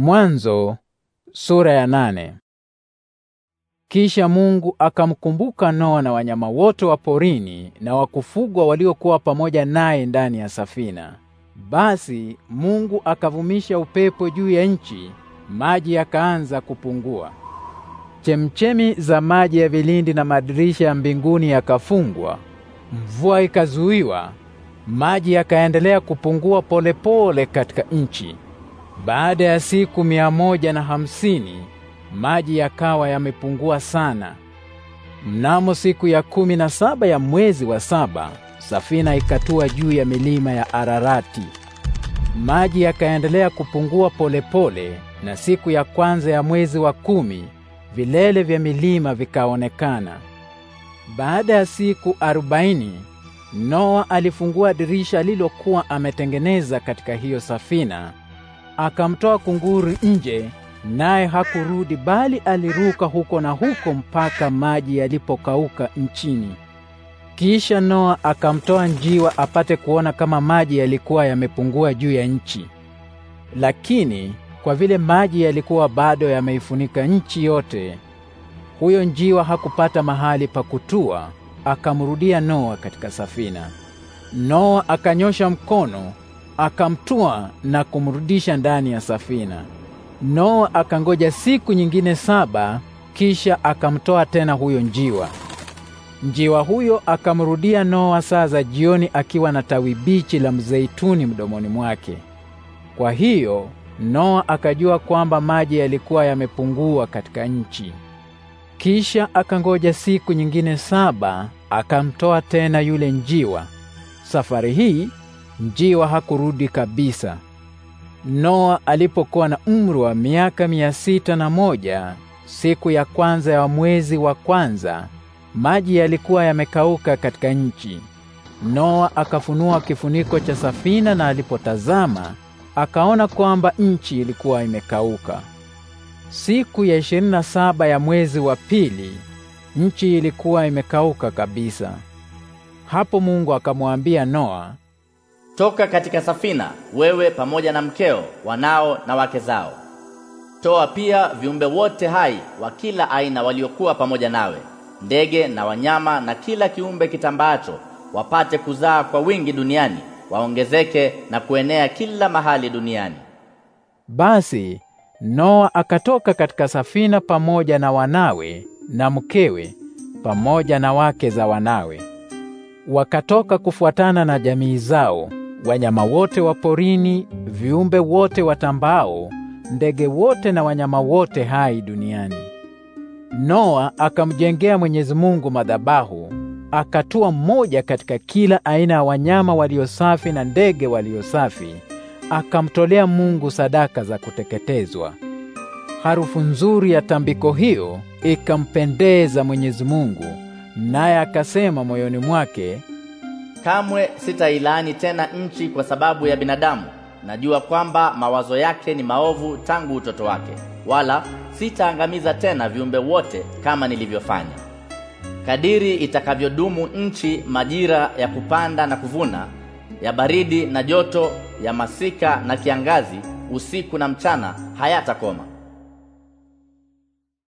Mwanzo sura ya nane. Kisha Mungu akamkumbuka Noa na wanyama wote wa porini na wa kufugwa waliokuwa pamoja naye ndani ya safina. Basi Mungu akavumisha upepo juu ya nchi, maji yakaanza kupungua. Chemchemi za maji ya vilindi na madirisha ya mbinguni yakafungwa. Mvua ikazuiwa, maji yakaendelea kupungua polepole katika nchi. Baada ya siku mia moja na hamsini maji yakawa yamepungua sana. Mnamo siku ya kumi na saba ya mwezi wa saba safina ikatua juu ya milima ya Ararati. Maji yakaendelea kupungua polepole pole, na siku ya kwanza ya mwezi wa kumi vilele vya milima vikaonekana. Baada ya siku arobaini Noa alifungua dirisha alilokuwa ametengeneza katika hiyo safina akamtoa kunguru nje, naye hakurudi, bali aliruka huko na huko mpaka maji yalipokauka nchini. Kisha Noa akamtoa njiwa apate kuona kama maji yalikuwa yamepungua juu ya nchi, lakini kwa vile maji yalikuwa bado yameifunika nchi yote, huyo njiwa hakupata mahali pa kutua, akamrudia Noa katika safina. Noa akanyosha mkono akamtua na kumrudisha ndani ya safina. Noa akangoja siku nyingine saba, kisha akamtoa tena huyo njiwa. Njiwa huyo akamrudia Noa saa za jioni akiwa na tawi bichi la mzeituni mdomoni mwake. Kwa hiyo Noa akajua kwamba maji yalikuwa yamepungua katika nchi. Kisha akangoja siku nyingine saba, akamtoa tena yule njiwa. Safari hii njiwa hakurudi kabisa. Noa alipokuwa na umri wa miaka mia sita na moja siku ya kwanza ya mwezi wa kwanza maji yalikuwa yamekauka katika nchi. Noa akafunua kifuniko cha safina, na alipotazama akaona kwamba nchi ilikuwa imekauka. Siku ya ishirini na saba ya mwezi wa pili nchi ilikuwa imekauka kabisa. Hapo Mungu akamwambia Noa, Toka katika safina wewe pamoja na mkeo, wanao na wake zao. Toa pia viumbe wote hai wa kila aina waliokuwa pamoja nawe, ndege na wanyama na kila kiumbe kitambaacho, wapate kuzaa kwa wingi duniani, waongezeke na kuenea kila mahali duniani. Basi Noa akatoka katika safina pamoja na wanawe na mkewe pamoja na wake za wanawe, wakatoka kufuatana na jamii zao wanyama wote wa porini, viumbe wote watambao, ndege wote na wanyama wote hai duniani. Noa akamjengea Mwenyezi Mungu madhabahu, akatua mmoja katika kila aina ya wanyama walio safi na ndege walio safi, akamtolea Mungu sadaka za kuteketezwa. Harufu nzuri ya tambiko hiyo ikampendeza Mwenyezi Mungu, naye akasema moyoni mwake Kamwe sitailaani tena nchi kwa sababu ya binadamu. Najua kwamba mawazo yake ni maovu tangu utoto wake, wala sitaangamiza tena viumbe wote kama nilivyofanya. Kadiri itakavyodumu nchi, majira ya kupanda na kuvuna, ya baridi na joto, ya masika na kiangazi, usiku na mchana hayatakoma.